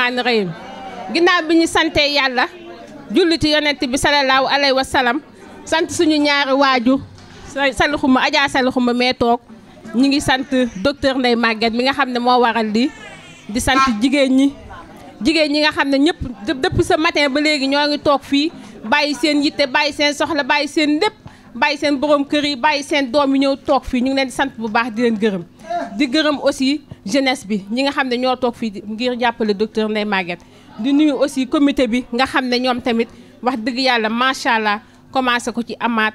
rahmaani rahim ginnaaw bi ñu santee yàlla julli ci yonent bi salallaahu alayhi wa salaam sant suñu ñaari waajur Salixuma Adja Salixuma mee toog ñu ngi sant docteur Ndeye Maguette mi nga xam ne moo waral lii di sant jigéen ñi jigéen ñi nga xam ne ñëpp depuis ce matin ba léegi ñoo ngi toog fii bàyyi seen yitte bàyyi seen soxla bàyyi seen lépp bàyyi seen borom kër yi bàyyi seen doom yi ñëw toog fii ñu ngi leen sant bu baax di leen gërëm di gërëm aussi jeunesse bi ñi nga xam ne ñoo toog fii ngir jàppale docteur Ndeye Maguette di nuyu aussi comité bi nga xam ne ñoom tamit wax dëgg yàlla macha allah commencé ko ci amaat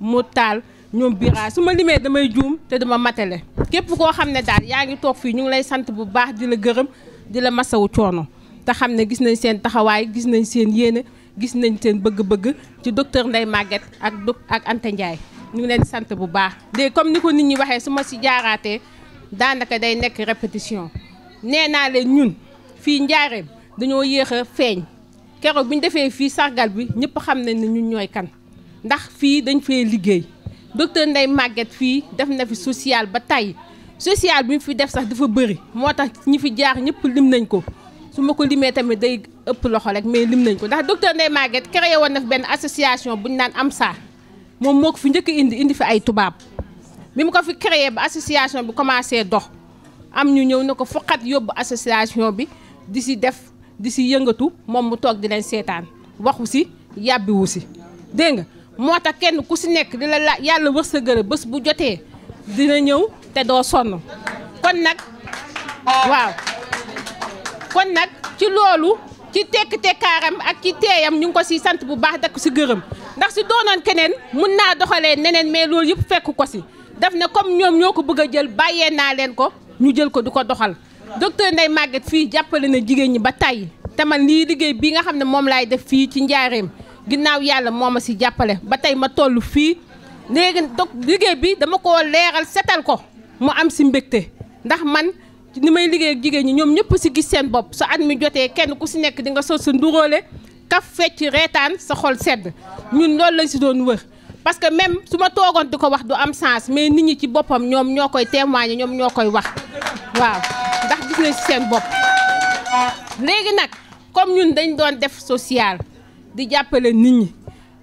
mu taal ñoom biraa su ma limee damay juum te dama matale képp koo xam ne daal yaa ngi toog fii ñu ngi lay sant bu baax di la gërëm di la masawu coono te xam ne gis nañ seen taxawaay gis nañ seen yéene gis nañ seen bëgg-bëgg ci docteur Ndeye màgget ak ak Anta Ndiaye ñu ngi leen sant bu baax. léegi comme ni ko nit ñi waxee su ma si jaaraatee daanaka day nekk répétition nee naa leen ñun fii njaareem dañoo yéex a feeñ keroog bi ñu defee fii sargal bi ñëpp xam nañ ne ñun ñooy kan ndax fii dañ fee liggéey docteur Ndeye Maguette fii def na fi social ba tàyyi social bi mu fi def sax dafa bëri moo tax ñi fi jaar ñëpp lim nañ ko su ma ko limee tamit day. ëpp loxo rek mais lim nañ ko ndax docteur Ndeye Maguette créé woon na fi benn association bu ñu naan am AMSA moom moo ko fi njëkk indi indi fi ay tubaab bi mu ko fi créé ba association bi commencé dox am ñu ñëw na ko foqat yóbbu association bi di si def di si yëngatu moom mu toog di leen seetaan waxu si yàbbiwu si dégg nga moo tax kenn ku si nekk di la la yàlla wërsëgale bés bu jotee dina ñëw te doo sonn kon nag waaw kon nag ci loolu ci tekk-tekkaaram ak ci teeyam ñu ngi ko si sant bu baax dakk si gërëm ndax si doonoon keneen mën naa doxalee neneen mais loolu yëpp fekk ko si daf ne comme ñoom ñoo ko bëgg a jël bàyyee naa leen ko ñu jël ko di ko doxal docteur Ndeye màgget fii jàppale na jigéen ñi ba tàyyi te man lii liggéey bii nga xam ne moom laay def fii ci njaareem ginnaaw yàlla moo ma si jàppale ba tey ma toll fii léegi donc liggéey bi dama ko leeral setal ko mu am si mbégte ndax man ni may liggéey jigéen ñi ñoom ñëpp si gis seen bopp sa at mi jotee kenn ku si nekk di nga sol sa nduroole kaf fecc reetaan sa xol sedd ñun loolu lañ si doon wër parce que même su ma toogoon di ko wax du am sens mais nit ñi ci boppam ñoom ñoo koy témoigner ñoom ñoo koy wax waaw ndax gis nañ seen bopp léegi nag comme ñun dañ doon def social di jàppale nit ñi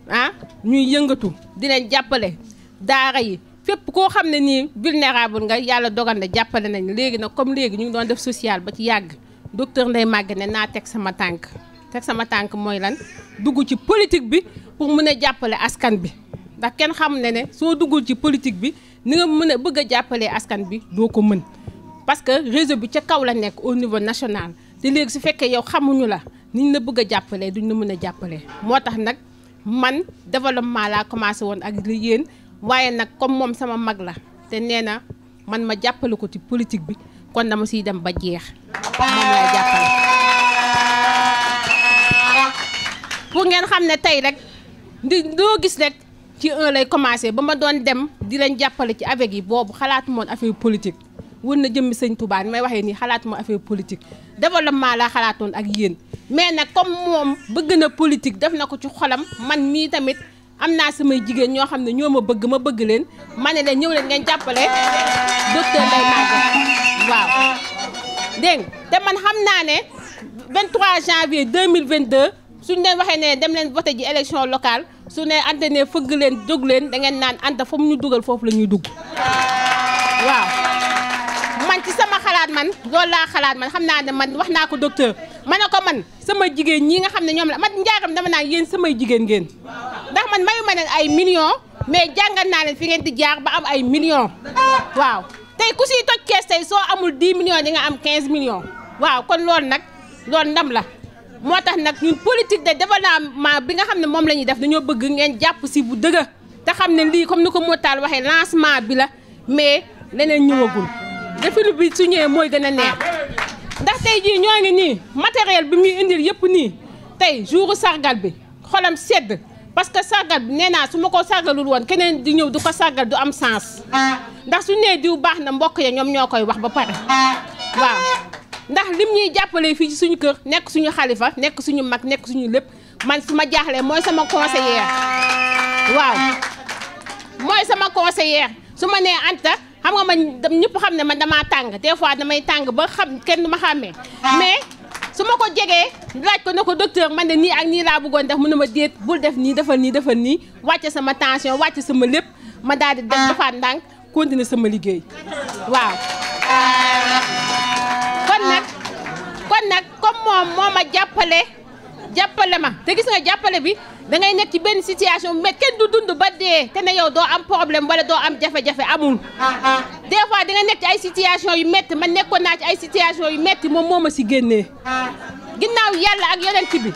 ah ñuy yëngatu di leen jàppale daara yi fépp koo xam ne nii vulnérable nga yàlla dogal na jàppale nañ léegi nag comme léegi ñu ngi doon def social ba ci yàgg docteur nday Maguette ne naa teg sama tànk teg sama tànk mooy lan dugg ci politique bi pour mën a jàppale askan bi ndax kenn xam ne ne soo duggul ci politique bi ni nga mën a bëgg a jàppalee askan bi doo ko mën parce que réseau bi ca kaw la nekk au niveau national te léegi su fekkee yow xamuñu la niñ la bëgg a jàppalee duñu la mën a jàppale moo tax nag man développement laa commencé woon ak li yéen waaye nag comme moom sama mag la te nee na man ma jàppale ko ci politique bi kon dama siy dem ba jeex moom ngeen xam ne tey rek ndi doo gis rek ci un lay ba ma doon dem di leen jàppale ci avec yi boobu xalaatu moon affaire politique wër na jëmm sëñ Touba ni may waxee nii xalaatu ma affaire politique développement laa xalaatoon ak yéen mais nag comme moom bëgg na politique def na ko ci xolam man mii tamit am naa samay jigéen ñoo xam ne ñoo ma bëgg ma bëgg leen ma ne leen ñëw leen ngeen jàppale docteur Ndeye Maguette waaw dégg te man xam naa ne 23 janvier 2022 suñ leen waxee ne dem leen voté ji élection locale su ne ante ne fëgg leen jóg leen dangeen naan anta fa mu ñu dugal foofu lañuy dugg waaw man ci sama xalaat man loolu laa xalaat man xam naa ne man wax naa ko docteur ma ne ko man sama jigéen ñi nga xam ne ñoom la man njaagam dama naan samay jigéen ngeen man mayu ma leen ay millions mais jàngal naa leen fi ngeen di jaar ba am ay millions waaw tey ku siy toj kees tey soo amul 10 millions di nga am 15 millions waaw kon lool nag loolu ndam la moo tax nag ñun politique de développement bi nga xam ne moom la ñuy def dañoo bëgg ngeen jàpp si bu dëgg te xam ne lii comme ni ko Motaal waxee lancement bi la mais leneen ñëwagul defilu bi su ñëwee mooy gën a neex ndax tey jii ñoo ngi nii matériel bi muy indil yëpp nii tey jouru sargal bi xolam sedd parce que sargal bi nee naa su ma ko sargalul woon keneen di ñëw du ko sargal du am sens ndax su nee diw baax na mbokk ya ñoom ñoo koy wax ba pare waaw ndax lim ñuy jàppale fii ci suñu kër nekk suñu xalifa nekk suñu mag nekk suñu lépp man su ma jaaxlee mooy sama conseillère waaw mooy sama conseillère su ma nee Anta xam nga man ñëpp xam ne man damaa tàng des fois damay tàng ba xam kenn du ma xàmmee ah. mais su ma ko jegee laaj ko na ko docteur man ne nii ak nii laa bëggoon def mu ne ma déet bul def nii defal nii defal nii wàcce sama tension wàcce sama lépp ma daal di def defaat ndànk continuer sama liggéey waaw. kon nag kon nag comme moom moo ma jàppale jàppale ma te gis nga jàppale bi. dangay ngay nekk ci benn situation mais kenn du dund ba dee te ne yow doo am problème wala doo am jafe-jafe amul. des fois da nga nekk ci ay situation yu metti man nekkoon naa ci ay situation yu metti moom moo ma si génnee. ginnaaw yàlla ak yonent bi.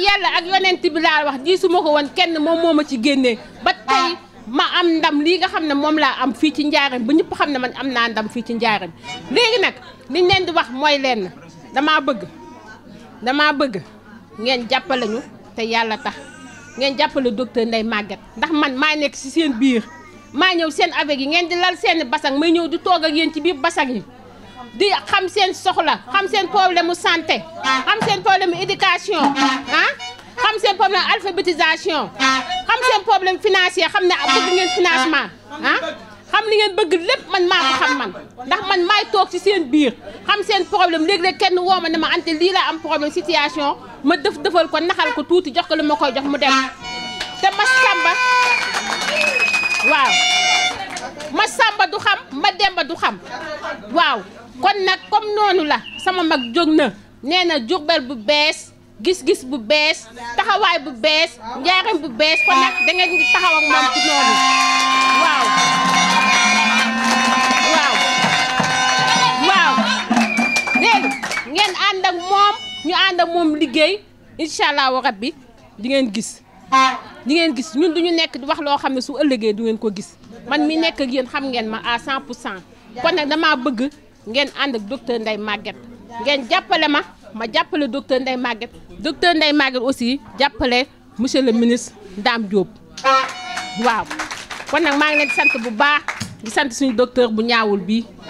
ak yonent bi laa wax di su ko woon kenn moom moo ma ci génnee ba tey ma am ndam lii nga xam ne moom laa am fii ci njaaram ba ñëpp xam ne man am naa ndam fii ci njaaram léegi nag liñ leen di wax mooy lenn damaa bëgg damaa bëgg. ngeen jàppale ñu te yàlla tax ngeen jàppale docteur Ndeye màgget ndax man maa nekk ci seen biir maa ñëw seen avec yi ngeen di lal seeni basang may ñëw di toog ak yéen ci biir basang yi di xam seen soxla xam seen problème mu santé xam seen problème mu éducation ah xam seen problème alphabétisation xam seen problème financier xam ne bëgg ngeen financement ah xam li ngeen bëgg lépp man maa ko xam man ndax man maay toog ci seen biir xam seen problème léeg-léeg kenn woo ma ne ma ante lii laa am problème situation ma def defal ko naxal ko tuti jox ko limako jox mu dem te ma samba waaw ma samba du xam ma demba du xam waaw kon nak comme nonu la sama mag jogna neena jogbel bu bes gis-gis bu bes taxaway bu bes njaaram bu bes kon nak da nga ngi taxaw ak mom ci nonu waaw waaw waaw ngeen ngeen and ak mom ñu ànd ak moom liggéey incha allahu bi di ngeen gis di ngeen gis ñun duñu nekk di wax loo xam ne su ëllëgee du ngeen ko gis man mi nekk ak xam ngeen ma à 100 pour cent kon nag damaa bëgg ngeen ànd ak docteur Ndeye màgget ngeen jàppale ma ma jàppale docteur Ndeye màgget docteur ndey Maguette aussi jàppale monsieur le ministre Dame Diop waaw kon nag maa ngi leen sant bu baax di sant suñu docteur bu ñaawul bii